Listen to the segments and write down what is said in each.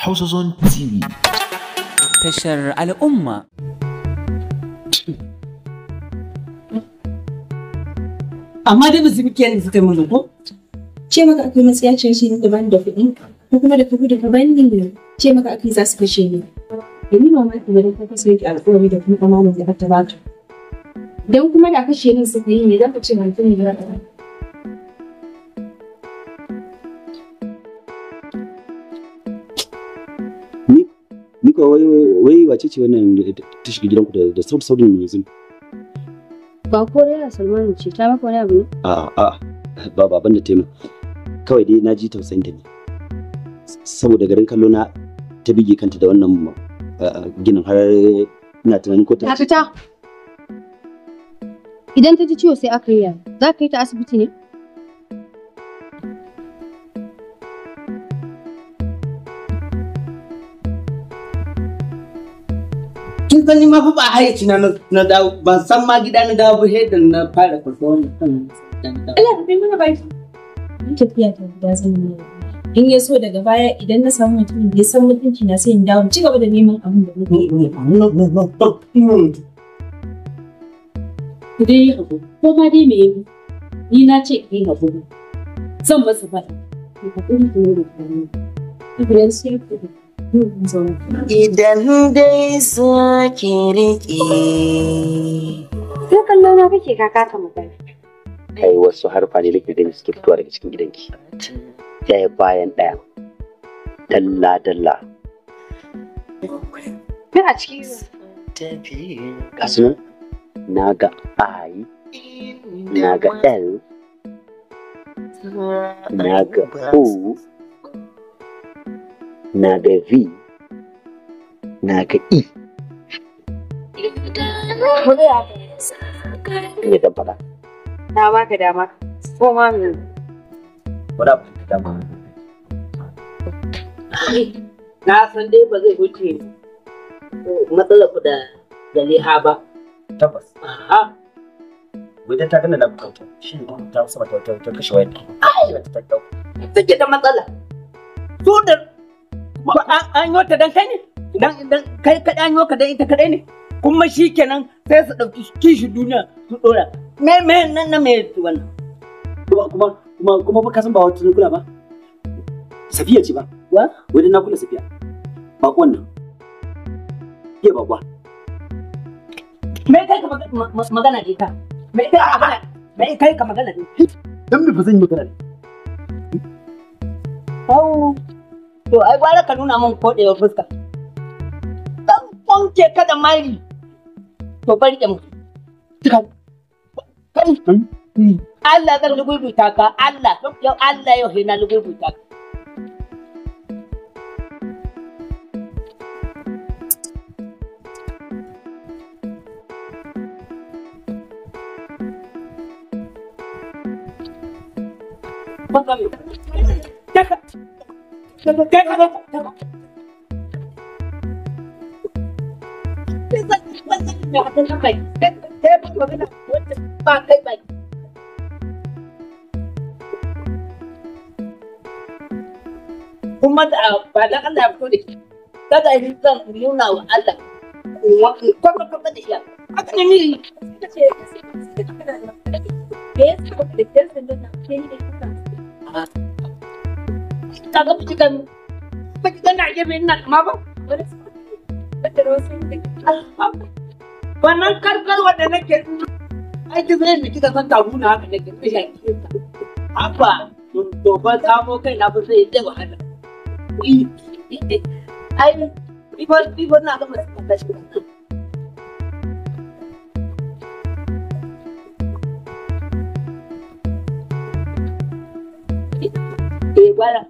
Hausa Zone TV. Tashar al'umma. Amma dai ba su muke yanzu kai mana ko? Ce maka akwai matsaya ce shi da bani da kuɗi ko kuma da kuɗi da ka bani ne. Ce maka akwai za su kashe ni. Da ni mamaki da ka yake alƙawari da kuma amanar da ta baka. Dan kuma da kashe ni suka yi ne za ka ce mutum ne da ka kuka wai wai wace ce wannan ta shiga gidanku da da sautin sautin yanzu ba ko da Salman ce ta maka wani abu ne a a ba ban da taimu kawai dai na ji tausayin ta ne saboda garin kallo na ta bige kanta da wannan ginin har ina tunanin ko ta fita idan ta ji ciwo sai aka yi za ka yi ta asibiti ne kin sani ma fa ba hayyaci na na dawo ban san ma gida na dawo ba da na fara kurfa wannan Allah ka bi mana baki tafiya ta gida zan yi in ya so daga baya idan na samu mutum da ya san mutunci na sai in dawo ci gaba da neman abin da muke ku dai yi haƙuri ko ma dai me yi ni na ce ki yi haƙuri zan masa faɗa ki haƙuri ki yi haƙuri ku yanzu ya Idan dai za ki riƙe. Sai kallon na kake kaka ta magana. Kai wasu harfa ne nake gani suke fitowa daga cikin gidanki. Ɗaya bayan ɗaya. Dalla dalla. Me a ciki? Kasu na ga I, na ga L, na ga O, na ga v na ga e ya dan faɗa na baka dama ko ma dama na san dai ba zai wuce matsalar ku da Zaliha ba tabbas wajen ta gana na bukata shi ne ta sama ta kashe wayar ta take da matsala su da Ba an yi ta dan kai ne? Dan kai kaɗai an y'o ka dan ita kaɗai ne? Kuma shi kenan sai su ɗauki kishi duniya su ɗora. Me me nan na me wannan. Kuma kuma kuma kuma ba ka san ba wata kula ba. Safiya ce ba. Wa? Wani na kula Safiya. ba Bakon nan. Iya bakwa. Me kai ka magana da ita? Me kai ka magana? Me kai ka magana da ita? Dan me ba zan yi magana da To ai gwara ka nuna min koɗewar fuska. Dan kwanke ka da mari. To bari mutu ka mu. Allah zan lugubuta ka Allah yau Allah yau hina lugubuta ka. Thank you. Kai ka kuma da ba da Allah ya fito da shi kada yi zan nuna wa Allah kuma kuma da iya haka ne ni ta ce me yasa ba da kirkin da na ce kaga fitikan fitikan na gefe ba wannan da nake aiki zai miki da san na haka nake shaki samo kai na sai wahala ai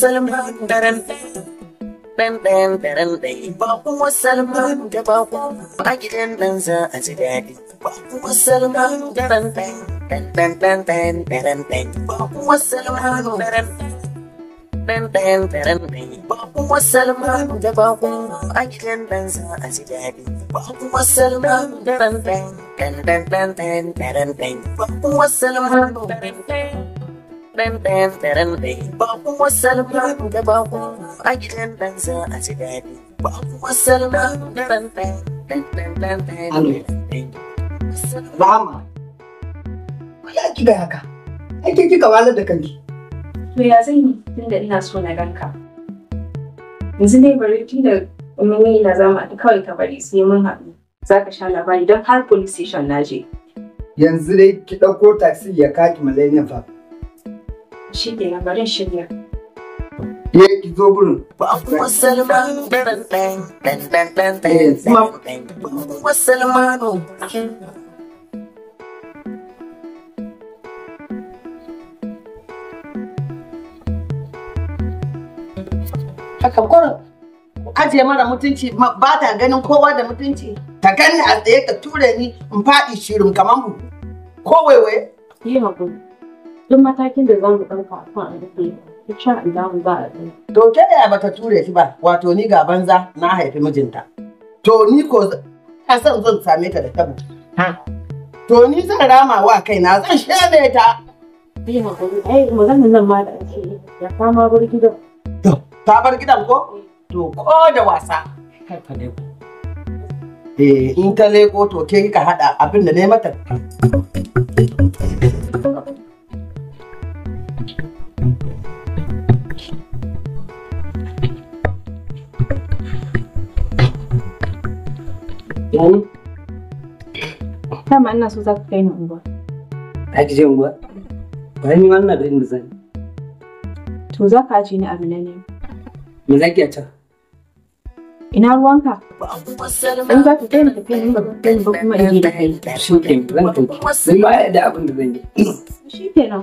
Salman daren Dan dan daren a gidan nan a ɗan ɗan daren ɗai. Ba kuma salma da ba a gidan ɗan za a ji daɗi. Ba kuma salma da ɗan ɗan ɗan ɗan ɗan ɗan ɗan. Rama, ya kika haka? Ake kika walar da kanki. To ya zan yi tunda ina so na ganka. Yanzu dai bari tun da mun na zama kawai ka bari sai mun haɗu. Za ka sha labari don har police station na je. Yanzu dai ki ɗauko taxi ya kaki Millennium fa. shi kenan bari shirya ya ki zo gurin ba kuma salmanu dan eh, salmanu haka kurin ajiye mara mutunci ba ta ganin kowa da mutunci ta gani a tsaye ka ture ni in faɗi shirin kamar mu ko waiwaye yi duk matakin da za mu ɗauka a kan alƙi insha Allah za a yi. To ke da bata ture shi ba wato ni ga banza na haifi mijinta. To ni ko ka san zan same ta da tabo. To ni zan rama wa kaina zan shame ta. Ai maganin nan ma da ake ya kama bar gidan. To ta bar gidan ko? Eh. To ko da wasa. Eh in ta leko to ke ka haɗa abin da ne mata. gani? Dama ina so za ka kai ni unguwa. Za ki je unguwa? Bayan ma ina da inda zan. To za ka ajiye ni a Minna Me za ki a can? Ina ruwanka? In za ka kai ni ka kai ni in Shi zan da abin da zan yi. Shi ke nan,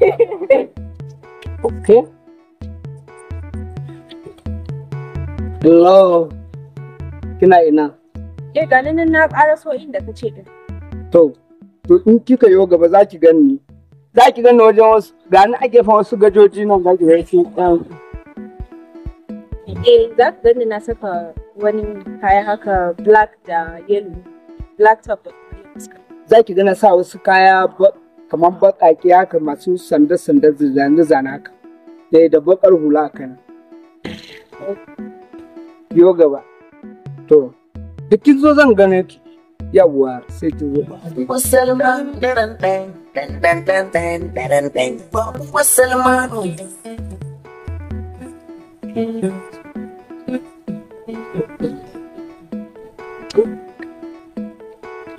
okay. Hello. Kina ina? Eh ga nan na so inda ka ce din. To, to in kika yo gaba za ki ganni. Za ki ganni wajen wasu ga nan ake fa wasu gajoji nan za ki ga Eh za ki ganni na saka wani kaya haka black da yellow. Black top. Za ki gana sa wasu kaya kamar baƙaƙe haka masu sanda-sanda zane-zane haka da da baƙar hula haka biyo gaba to da kin zo zan gane ki yawwa sai ki zo ba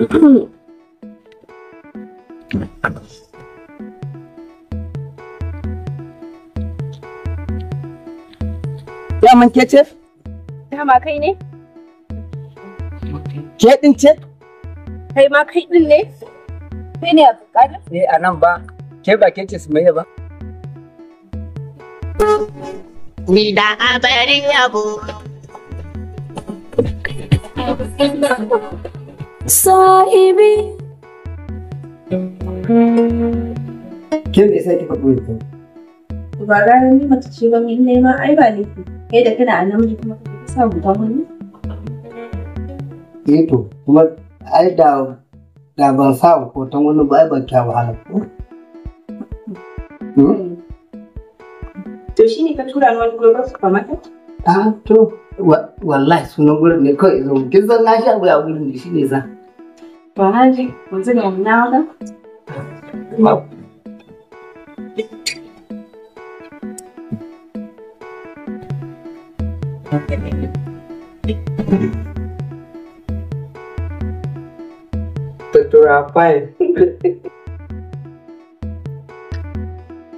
Mm-hmm. Daman ke ce? Dama kai ne? Ke ɗin ce? Kai ma kai ɗin ne? Kai ne a tsakanin? Eh a nan ba, ke ba ke ce su maye ba. Ni da abarin yabo. Sahibi. Ke me yasa kika koyi ku? Ba ga ni mace ce ba min ma. ai ba laifi. Kai da kana a namiji kuma ka sa ta wani. Eh to kuma ai da da ban sa hoton wani ba ai ban kya wahala ko? Hmm? Hmm. To shi ne ka tura ni wani global supermarket? Ah to wallahi sunan gurin ne kawai zo kin san na sha abu a shi ne shine za. Ba haji, yanzu ga na ga. Tuturafai. Eh?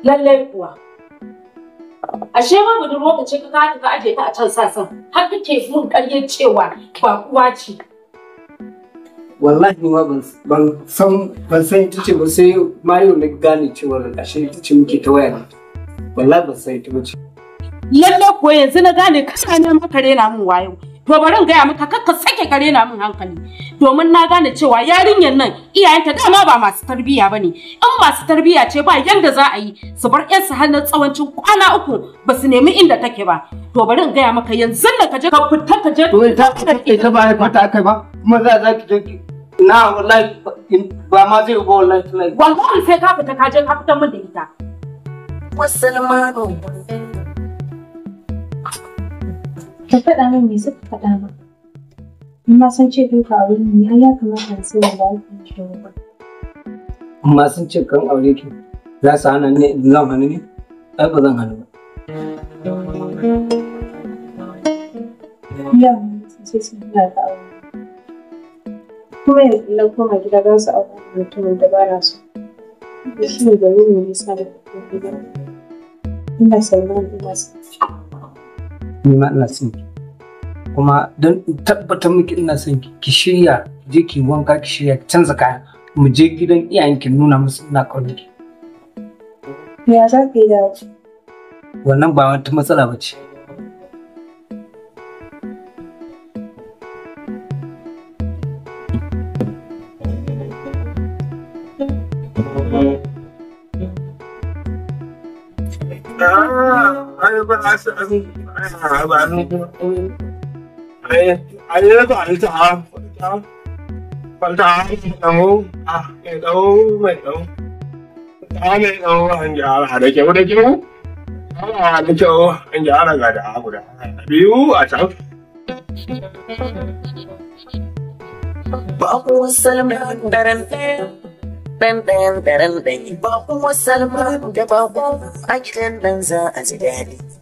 Lallai kuwa. Ashe ma budurwa ka ce ka ka aje ta a can sasan har kake mun ƙaryar cewa ba ce. wallahi ma ban san ban san ita ce ba sai ma yau na gane cewa ashe ita ce muke ta waya wallahi ban san ita ba ce lalle ko yanzu na gane kasa na maka rena min wayo to bari gaya maka kakka sake ka rena min hankali domin na gane cewa yarinyar nan iyayenta dama ba masu tarbiyya bane in masu tarbiyya ce ba yanda za a yi su bar 'yansu su har na tsawancin kwana uku ba su nemi inda take ba to bari ga gaya maka yanzu na ka je ka fita ka je to ta ta ba ta kai ba kuma za za ki je now like ba ma zai ba wallahi like wallahi sai ka fita ka je ka fitar min da ita musulmanu ka faɗa min me suka faɗa ba amma san ce duka aure ne ai ya kamata sai da lafiya ce ba amma sun ce kan aure ki za su hana ne zan hana ne ai ba zan hana ba Yeah, it's just like that. kuma yanzu na koma gida za su auku mutumin da ba na so shi ne da yin nisa da kuma gida ina sauran ina son ni ma ina son ki kuma don tabbatar miki ina son ki ki shirya je ki wanka ki shirya ki canza kaya mu je gidan iyayenki, nuna musu ina kaunar ki ya za ka yi dawo? wannan ba wata matsala ba ce but I, I, mean, I, I, mean, I, mean, I, I didn't find time. Find time, you know, you know, you know. Đó nên đâu anh già là để chịu đấy chứ Đó là để chịu anh già là gà đạ của đạ Biếu à sợ Bóng mùa sân đơn đơn dan dan dan dan babu wasalman da babu akidan dan za a ji daɗi.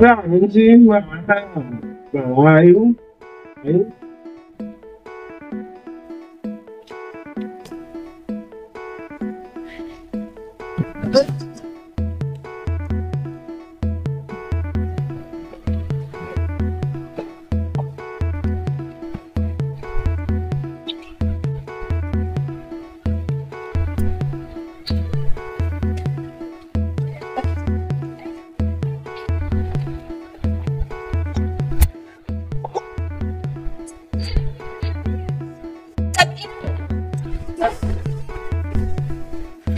在南京我啊，玩啊，玩啊，游，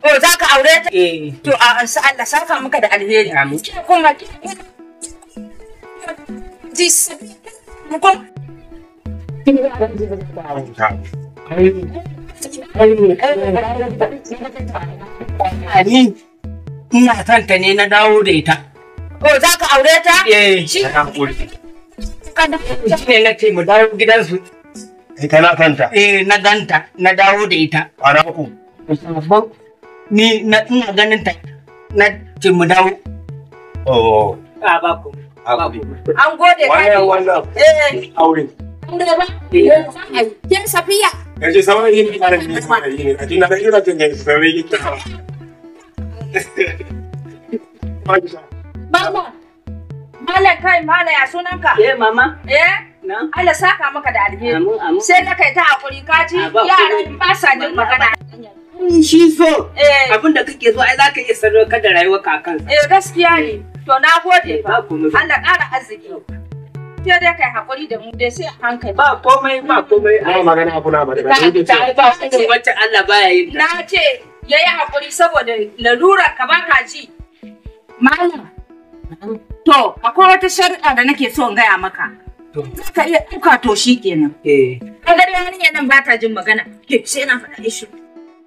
To za ka aure ta? Eh. To a Allah saka maka da alheri. Amin. Kuma this mukon Ni ina son ta ne na dawo da ita. Ko za ka aure ta? Eh, shi ne na ce mu dawo gidansu. Ita na kanta? Eh, na ganta, na dawo da ita. Ana uku. ni na ina ganin ta na ce mu dawo oh a ah, ba ah, ku an gode eh. eh. ka ne eh aure kin safiya kaje sawa yin karin ne sai yin kaje na da ira tin ne sai yin ta mama mala kai mala ya sunanka eh mama eh Allah saka maka da alheri sai na kai ta hakuri kaji ah, yaran ba sa jin magana shi so eh. abin da kake so ai za ka iya sadaukar da rayuwar kakan eh gaskiya ne to na gode fa Allah ƙara arziki sai dai kai hakuri da mu dai sai a hankali ba komai ba komai ai magana abu na ba da ba ta ba wacce Allah baya yin na ce yayi hakuri saboda lalura ka ba ka ji malam to akwai wata shari'a da nake so in gaya maka ka iya ɗauka to shi kenan. Eh. Kaga da yarinya nan ba ta jin magana. Ke sai na faɗa shi.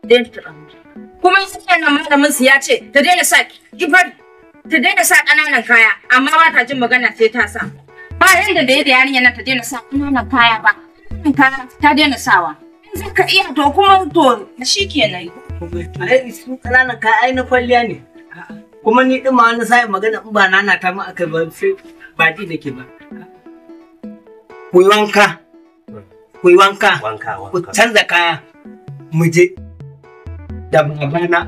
daina ta'amuli kuma sai nan malamin su ya ce ta daina sa kifar ta daina sa ƙananan kaya amma ba ta jin magana sai ta sa ba yanda da yadda yarinya nan ta daina sa ƙananan kaya ba kaya ta daina sawa in zaka iya to kuma to shikenan ai su ƙananan kaya ai na kwalliya ne kuma ni din ma wani sa'in magana in ba nana ta mu akai ba sai ba di nake ba ku yi wanka ku yi wanka ku canza kaya mu je da babana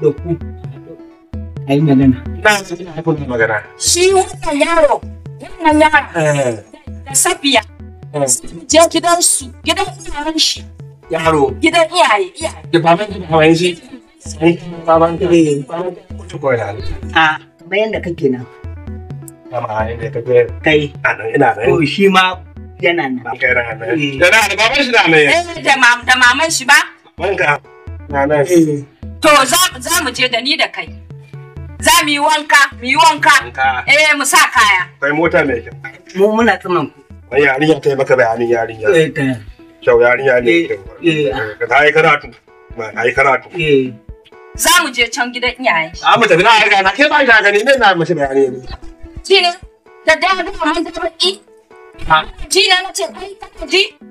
da ku a yi magana. Na ina haifin magana. Shi wannan yaro, wannan yaro eh. da safiya. Eh. Je gidansu, gidan iyayen shi. Yaro. Gidan iyaye, iyaye. Da baban da hawaye shi. Sai baban da baban eh. da koyi da halittu. A, bayan da kake nan. Kama ka koyar. Kai. A nan ina nan. To shi ma yana nan. Ba kai ran nan. Da na da baban shi n'a nan. Eh da maman shi ba. Wanka. Eh. To za mu je da ni da kai. Za mu yi wanka, mu yi wanka. Eh mu sa kaya. Kai mota mai kyau. Mu muna tsaman ku. Wai yarinya ta yi maka bayanin yarinya. Eh ta. Kyau yarinya ne. Eh. eh. eh ta yi karatu. Ta yi karatu. Eh. Za mu je can gidan iyaye. A mu tafi na ga na ke ba ga gani ne na mace bayani ne. Shi ne. Da da da mun da baki. Ha. Ji na ce ai ji.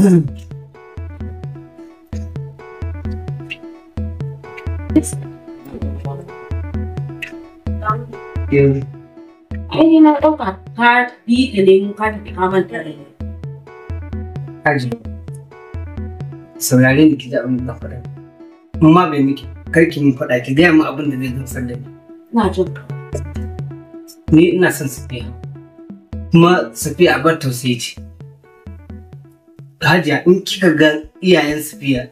Ai na ɗauka ta bi da ne ka tafi kamar da rai. Kaji, saurare ni ki da abin da faɗa. Amma bai miki, kar ki mun faɗa ki gaya mu abin da zai gamsar da ni. Na jin Ni ina son Safiya. Kuma Safiya a bar tausayi ce. hajiya in kika ga iyayen su fiya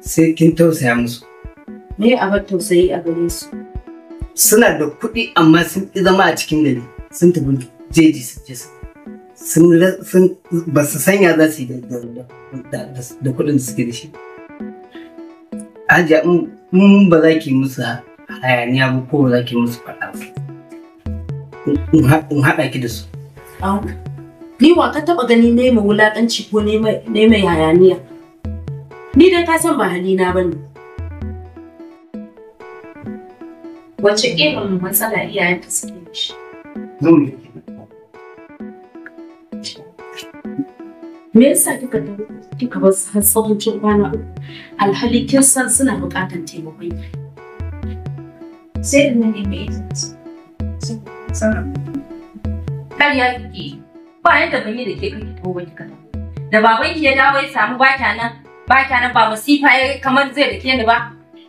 sai kin tausaya musu. Me abar tausayi a gare su? Suna da kuɗi amma sun ƙi zama a cikin gari sun tafi jeji su je sun ba su sanya za su yi da kuɗin da suke da shi. Hajiya in ba za ki musu hayaniya ba ko ba za ki musu faɗa ba. In haɗa ki da su. Ni wa ka taɓa gani ne mai wulaƙanci ko ne mai hayaniya. Ni dai ka san ba halina ba ne. Wace irin matsala iyayen ta suke da shi? Zaune. Me yasa kika da kika bar har tsawon kwana Alhali kin san suna buƙatar taimakon Sai da nan ne mai izini. Sai ya yi ba yanda ban da ke kan ko wani kana da baban wai ya dawo ya samu ba ta nan ba ta nan ba masifa ya kamar zai da ke ni ba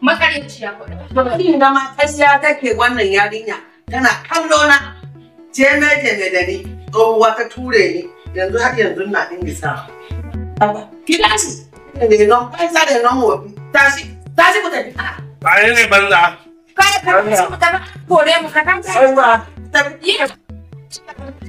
makaryaciya ko ba ni na ma kasiya take wannan yarinya tana kallo na jeme jeme da ni tsohuwa wata ture ni yanzu har yanzu na ingisa ba ki tashi ne non banza da non wofi tashi tashi ku tafi ba ne ne banza kai ka tafi ku tafi kore mu ka tafi sai ba tafi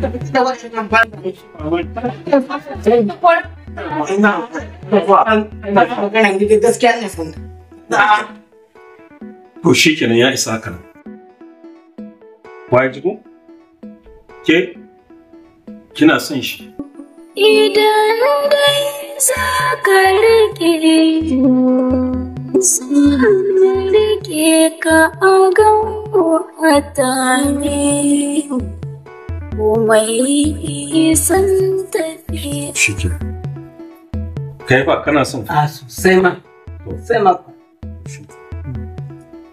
Estaba campana. gaskiya To shi kenan ya isa haka nan. Waye jiko? Ke? Kina son shi? Idan dai za ka riƙe Sun rike ka a gan wata ne. komai san tafi. Shike. Kai ba kana son A sosai ma. Sosai ma.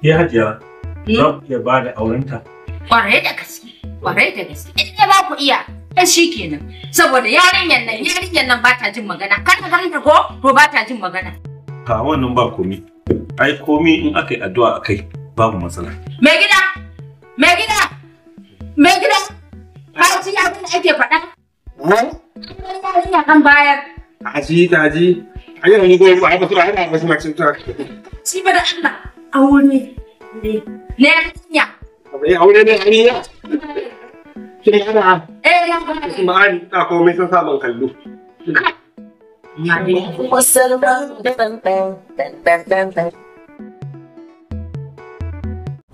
Ya hajiya, hmm? za ku iya ba da aurenta. Kwarai da gaske, kwarai da gaske. In ya ba ku iya, ai shi kenan. Saboda yarinyar nan, yarinyar nan ba ta jin magana. Kan ka ganta ko, to ba ta jin magana. Ha wannan ba komi. Ai komi in aka yi addu'a a kai babu matsala. Mai gida, mai gida, mai gida shi abin da ake faɗa. Wani yarinya kan bayar. Kaji kaji. A yau ni ba a fatura ana masu macin ta. Shi ba da Allah aure ne. Na yarinya. Abai aure ne ya. Shi ne ana. Eh ya ba. an ta komai sun sa man kallo.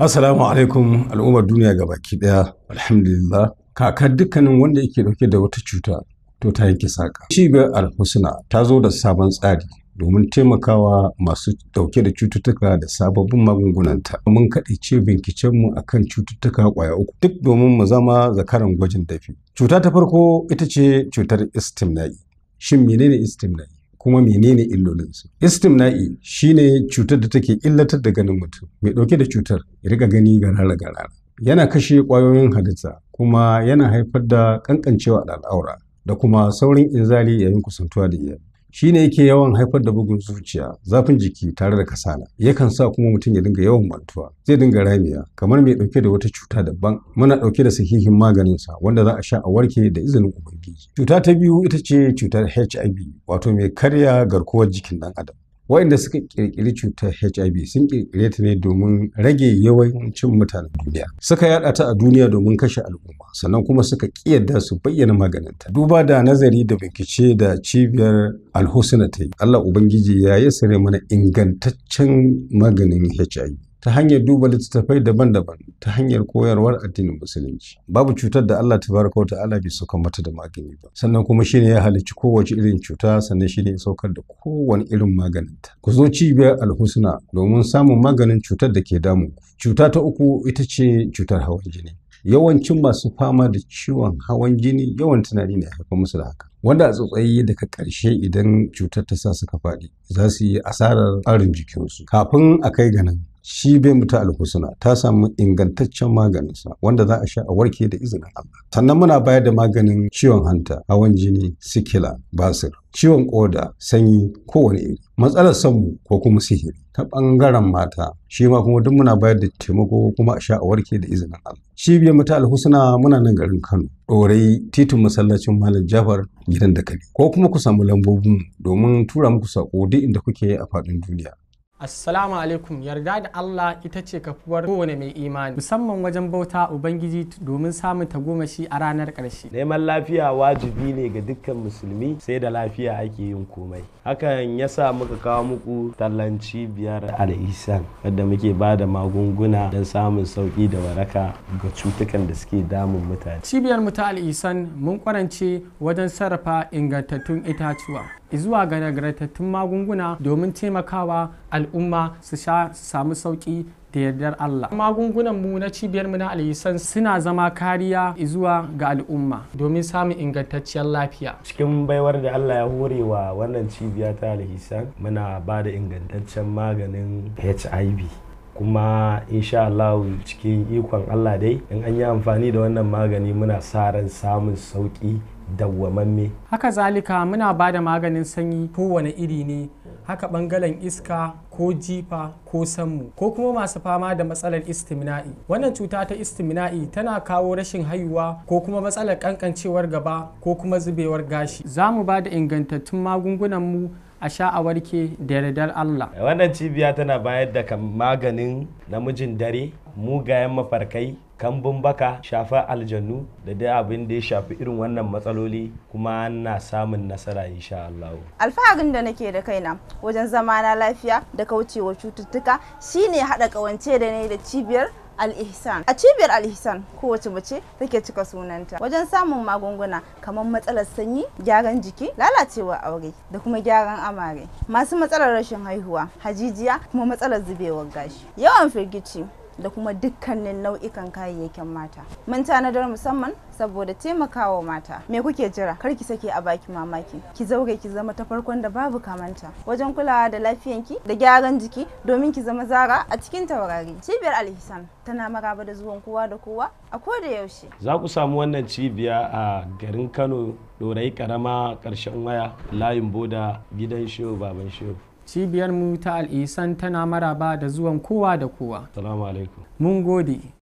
Assalamu alaikum al'ummar duniya ga baki daya alhamdulillah Kaka dukkanin wanda yake dauke da wata cuta to ta yanke saka. Cibiyar Alhusna ta zo da sabon tsari domin taimakawa masu dauke da cututtuka da sababbin magungunanta. Mun ce bincikenmu a kan cututtuka ƙwaya uku duk domin mu zama zakaran gwajin dafi. Cuta ta farko ita ce cutar istimna'i. Shin menene istimna'i? kuma menene illolinsu istimna'i shine cutar da take illatar da ganin mutum mai dauke da cutar ya riga gani garara garara yana kashe ƙwayoyin halitta kuma yana haifar da kankancewa da al'aura da kuma saurin inzali yayin kusantuwa da iyali shi ne yake yawan haifar da bugun zuciya zafin jiki tare da kasala yakan sa kuma mutum ya dinga yawan mantuwa zai dinga ramiya kamar mai dauke da wata cuta daban muna dauke da sahihin maganin sa wanda za a sha a warke da izinin ubangiji cuta ta biyu ita ce cutar hiv wato mai karya garkuwar jikin dan adam waɗanda suka ƙirƙiri cutar HIV sun ƙirƙire ta ne domin rage yawancin mutanen duniya. Suka yaɗa ta a duniya domin kashe al'umma, sannan kuma suka ƙiyarda su bayyana maganinta. Duba da nazari da bincike da cibiyar alhusna ta yi, Allah Ubangiji ya yi sare mana ingantaccen maganin HIV. ta hanyar duba littattafai daban-daban ta hanyar koyarwar addinin musulunci babu cutar da Allah tabaraka wa ta'ala bai saukar mata da magani ba sannan kuma shine ya halicci kowace irin cuta sannan shine ya saukar da kowane irin maganin ta. ku zo cibiyar alhusna domin samun maganin cutar da ke damu cuta ta uku ita ce cutar hawan jini yawancin masu fama da ciwon hawan jini yawan tunani ne haifar musu da haka wanda a tsotsayi daga karshe idan cutar ta sa suka faɗi za su yi asarar ƙarin jikinsu kafin a kai ga nan shi bai mutu alhusuna ta samu ingantaccen maganinsa wanda za a sha a warke da izinin Allah sannan muna bayar da maganin ciwon hanta hawan jini sikila basir ciwon koda sanyi kowane iri matsalar sanmu ko kuma sihiri ta ɓangaren mata shi ma kuma duk muna bayar da taimako kuma a sha a warke da izinin Allah cibiyar mu mutu alhusna muna nan garin Kano ɗorai titin masallacin Malam Jafar gidan da kare ko kuma ku samu lambobin domin tura muku sako duk inda kuke a faɗin duniya assalamu alaikum yarda da Allah ita ce kafuwar kowane mai imani musamman wajen bauta ubangiji domin samun tagomashi a ranar ƙarshe neman lafiya wajibi ne ga dukkan musulmi sai da lafiya ake yin komai hakan ya sa muka kawo muku tallan cibiyar al'isan wadda muke ba da magunguna don samun sauƙi da waraka ga cutukan da suke damun mutane cibiyar mu ta al'isan mun kwarance wajen sarrafa ingantattun itatuwa zuwa ga nagartattun magunguna domin taimakawa al'umma su sha samu sauki da yardar Allah. Magungunan mu na cibiyar mu na alisan suna zama kariya zuwa ga al'umma domin samun ingantacciyar lafiya. Cikin baiwar da Allah ya hore wa wannan cibiya ta alisan muna ba da ingantaccen maganin HIV. kuma insha Allah cikin ikon Allah dai in an yi amfani da wannan magani muna sa ran samun sauƙi dawwamamme haka zalika muna ba da maganin sanyi kowane iri ne haka ɓangaren iska ko jifa ko sammu ko kuma masu fama da matsalar istimina'i wannan cuta ta istimina'i tana kawo rashin haihuwa ko kuma matsalar kankancewar gaba ko kuma zubewar gashi za mu ba da ingantattun magungunan mu a sha a warke da yardar Allah. Wannan cibiya tana bayar da maganin namijin dare, mugayen mafarkai, kambun baka, shafa aljannu da dai abin da ya shafi irin wannan matsaloli kuma ana samun nasara insha Allah. Alfaharin da nake da kaina wajen zama na lafiya da kaucewa cututtuka shine haɗa ƙawance da ne da cibiyar Al-Ihsan. A cibiyar Al-Ihsan kowace mace take cika sunanta wajen samun magunguna kamar matsalar sanyi, gyaran jiki, lalacewar aure da kuma gyaran amare. Masu matsalar rashin haihuwa, hajijiya kuma matsalar zubewar gashi. Yawan firgici, da kuma dukkanin nau'ikan kayayyakin mata. Mun tanadar musamman saboda taimakawa mata. Me kuke jira? Kar ki sake a baki mamaki. Ki zauge ki zama ta farkon da babu kamanta. Wajen kulawa da lafiyanki da gyaran jiki domin ki zama zara a cikin taurari. Cibiyar Alhisan tana maraba da zuwan kowa da kowa a ko da yaushe. Za ku samu wannan cibiya a garin Kano Dorai Karama ƙarshen waya layin boda gidan shehu baban shehu. cibiyar mu ta al'isan tana maraba da zuwan kowa da kowa salamu alaikum mun gode me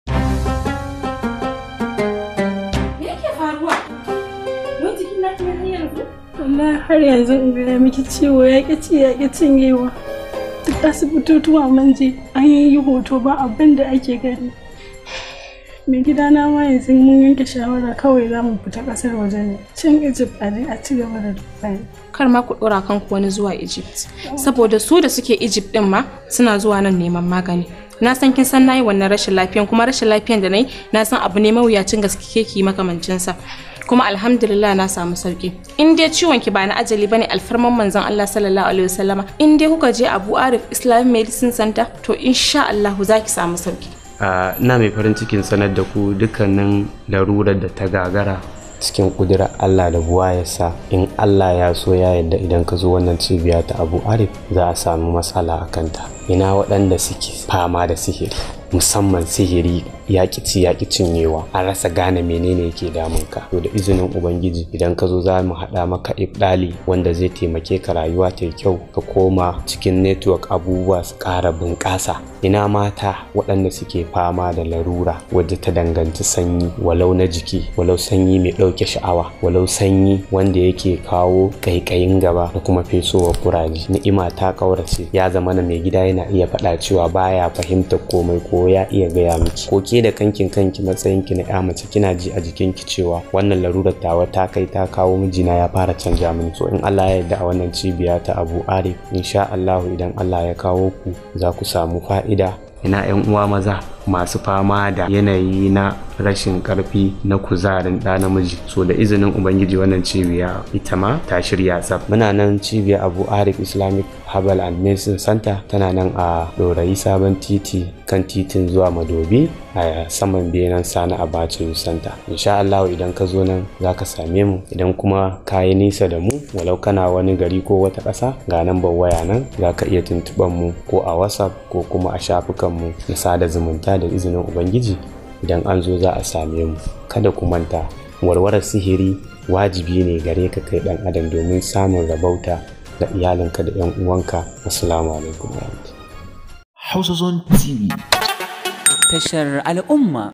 yake faruwa mun jikin na har yanzu amma har yanzu in gaya miki ciwo ya ki ci ya ki cinyewa duk asibitotuwa mun je an yi hoto ba abin da ake gani mai gidana ma yanzu mun yanke shawara kawai za mu fita kasar waje ne cin egypt a a ci gaba da dubai kar ma ku dora kanku wani zuwa egypt saboda su da suke egypt din ma suna zuwa nan neman magani na san kin san nayi wannan rashin lafiyan kuma rashin lafiyan da nayi na san abu ne mawuyacin gaske ke makamancin sa kuma alhamdulillah na samu sauki in dai ciwon ki ba na ajali bane alfarman manzon Allah sallallahu alaihi wasallama in dai kuka je Abu Arif Islamic Medicine Center to insha Allah za ki samu sauki na mai farin cikin sanar da ku dukkanin larurar da ta gagara cikin kudura Allah da buwa ya sa in Allah ya so ya yadda idan ka zo wannan cibiya ta Abu Arif za a samu matsala a kanta ina waɗanda suke fama da sihiri musamman sihiri Yaƙi ci ya cinyewa an rasa gane menene yake damun ka to da izinin ubangiji idan ka zo za mu haɗa maka ibdali wanda zai taimake ka rayuwa ta kyau ka koma cikin network abubuwa su ƙara bunƙasa ina mata waɗanda suke fama da larura wadda ta danganci sanyi walau na jiki walau sanyi mai ɗauke sha'awa walau sanyi wanda yake kawo ƙaiƙayin gaba da kuma fesowar kuraje ni'ima ta ƙaurace ya zama na mai gida yana iya faɗa cewa baya fahimtar komai ko ya iya gaya miki ko ke da kankin kanki matsayin ki na ya mace kina ji a jikinki cewa wannan larurar tawa ta kai ta kawo mijina ya fara canja min so in Allah ya yarda a wannan cibiya ta Abu Arif insha Allah idan Allah ya kawo ku za ku samu fa'ida ina yan uwa maza masu fama da yanayi na rashin karfi na kuzarin ɗa namiji so da izinin ubangiji wannan cibiya ita ma ta shirya tsaf muna nan cibiya abu arif islamic herbal and medicine center tana nan a ɗorayi sabon titi kan titin zuwa madobi a saman benen sani abacin center insha Allah idan ka zo nan zaka same mu idan kuma ka yi nisa da mu walau kana wani gari ko wata ƙasa ga nan waya nan zaka iya tuntuɓan mu ko a whatsapp ko kuma a shafukan mu na sada zumunta da izinin ubangiji idan an zo za a same mu kada ku manta warwarar sihiri wajibi ne gare ka kai ɗan adam domin samun rabauta da iyalinka da 'yan uwanka assalamu alaikum hausa zone tv tashar al'umma